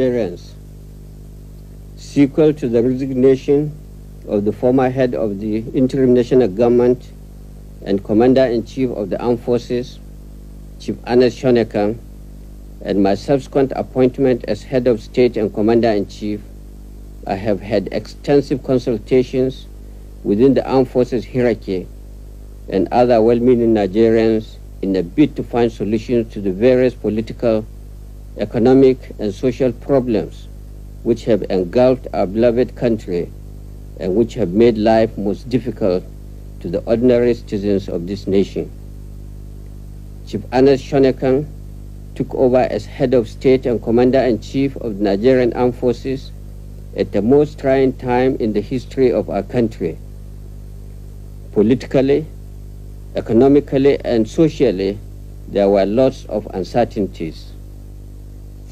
clearance, sequel to the resignation of the former head of the interim national government and commander-in-chief of the armed forces, Chief Anas Shoneka, and my subsequent appointment as head of state and commander-in-chief, I have had extensive consultations within the armed forces hierarchy and other well-meaning Nigerians in a bid to find solutions to the various political economic and social problems which have engulfed our beloved country and which have made life most difficult to the ordinary citizens of this nation. Chief Ernest Shonekan took over as head of state and commander-in-chief of the Nigerian Armed Forces at the most trying time in the history of our country. Politically, economically, and socially, there were lots of uncertainties.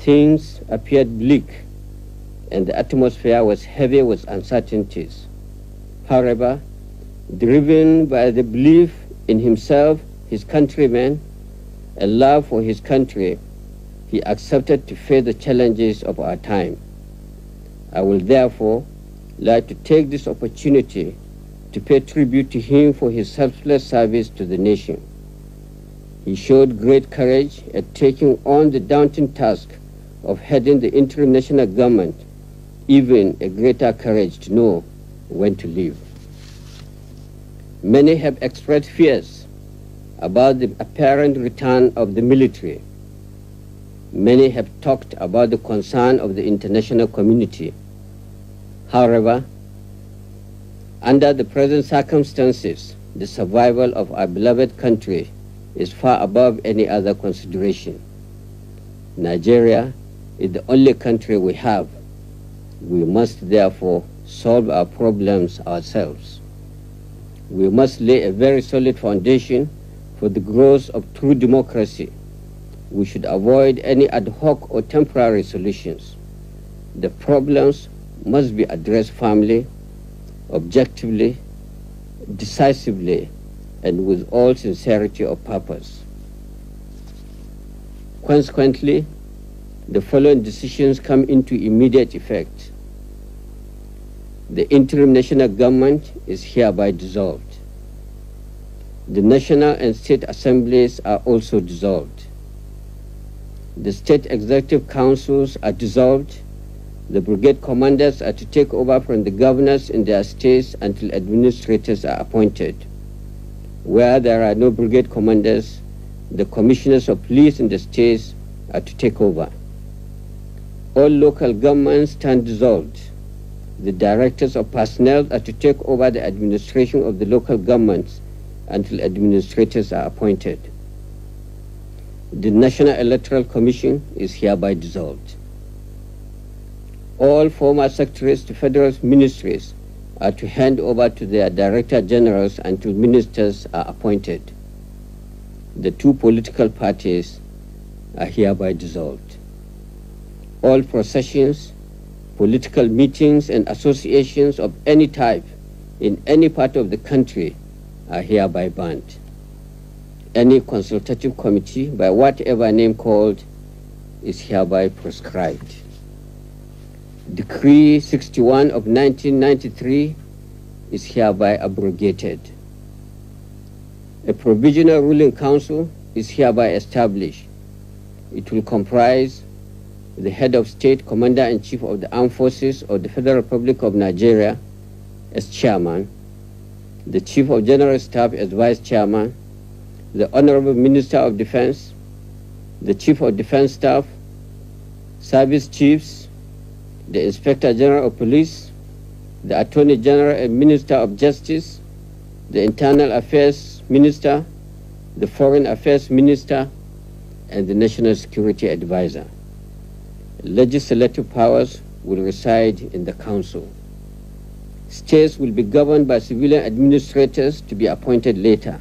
Things appeared bleak, and the atmosphere was heavy with uncertainties. However, driven by the belief in himself, his countrymen, a love for his country, he accepted to face the challenges of our time. I will therefore like to take this opportunity to pay tribute to him for his selfless service to the nation. He showed great courage at taking on the daunting task of heading the international government even a greater courage to know when to leave. Many have expressed fears about the apparent return of the military. Many have talked about the concern of the international community. However, under the present circumstances, the survival of our beloved country is far above any other consideration. Nigeria is the only country we have. We must therefore solve our problems ourselves. We must lay a very solid foundation for the growth of true democracy. We should avoid any ad hoc or temporary solutions. The problems must be addressed firmly, objectively, decisively, and with all sincerity of purpose. Consequently, the following decisions come into immediate effect. The interim national government is hereby dissolved. The national and state assemblies are also dissolved. The state executive councils are dissolved. The brigade commanders are to take over from the governors in their states until administrators are appointed. Where there are no brigade commanders, the commissioners of police in the states are to take over all local governments stand dissolved. The directors or personnel are to take over the administration of the local governments until administrators are appointed. The National Electoral Commission is hereby dissolved. All former secretaries to federal ministries are to hand over to their director generals until ministers are appointed. The two political parties are hereby dissolved all processions, political meetings, and associations of any type in any part of the country are hereby banned. Any consultative committee, by whatever name called, is hereby proscribed. Decree 61 of 1993 is hereby abrogated. A provisional ruling council is hereby established. It will comprise the head of state, commander-in-chief of the armed forces of the Federal Republic of Nigeria as chairman, the chief of general staff as vice chairman, the honorable minister of defense, the chief of defense staff, service chiefs, the inspector general of police, the attorney general and minister of justice, the internal affairs minister, the foreign affairs minister, and the national security advisor. Legislative powers will reside in the Council. States will be governed by civilian administrators to be appointed later.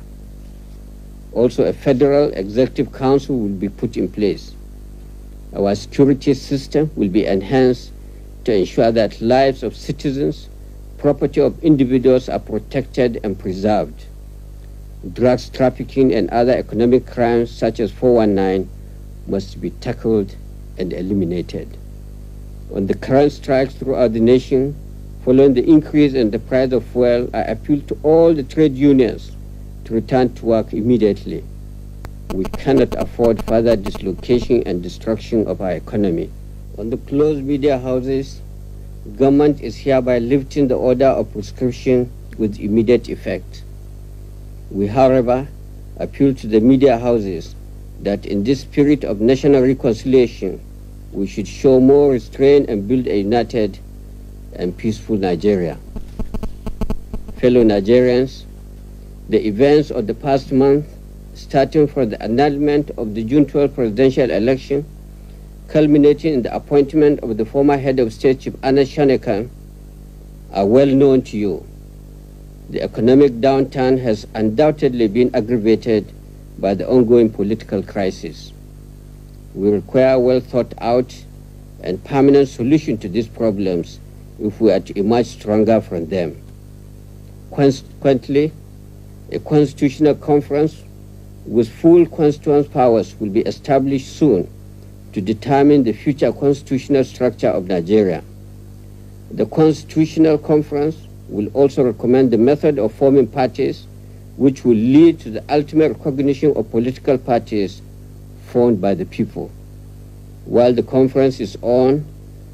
Also, a federal executive council will be put in place. Our security system will be enhanced to ensure that lives of citizens, property of individuals are protected and preserved. Drugs trafficking and other economic crimes such as 419 must be tackled and eliminated. On the current strikes throughout the nation, following the increase in the price of fuel, I appeal to all the trade unions to return to work immediately. We cannot afford further dislocation and destruction of our economy. On the closed media houses, government is hereby lifting the order of prescription with immediate effect. We, however, appeal to the media houses that in this spirit of national reconciliation, we should show more restraint and build a united and peaceful Nigeria. Fellow Nigerians, the events of the past month, starting from the annulment of the June 12 presidential election, culminating in the appointment of the former head of state, Chief Anna Shaneka, are well known to you. The economic downturn has undoubtedly been aggravated by the ongoing political crisis. We require well thought out and permanent solution to these problems if we are to emerge stronger from them. Consequently, a constitutional conference with full constituent powers will be established soon to determine the future constitutional structure of Nigeria. The Constitutional Conference will also recommend the method of forming parties which will lead to the ultimate recognition of political parties formed by the people. While the conference is on,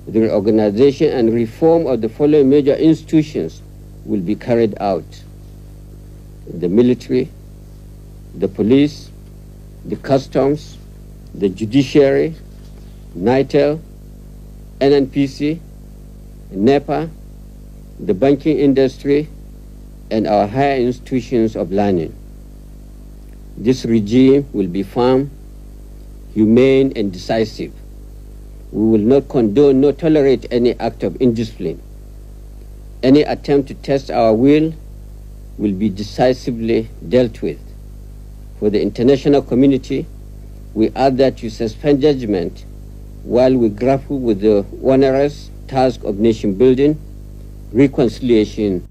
the reorganization and reform of the following major institutions will be carried out. The military, the police, the customs, the judiciary, NITEL, NNPC, NEPA, the banking industry, and our higher institutions of learning. This regime will be firm, humane, and decisive. We will not condone nor tolerate any act of indiscipline. Any attempt to test our will will be decisively dealt with. For the international community, we ask that you suspend judgment while we grapple with the onerous task of nation building, reconciliation,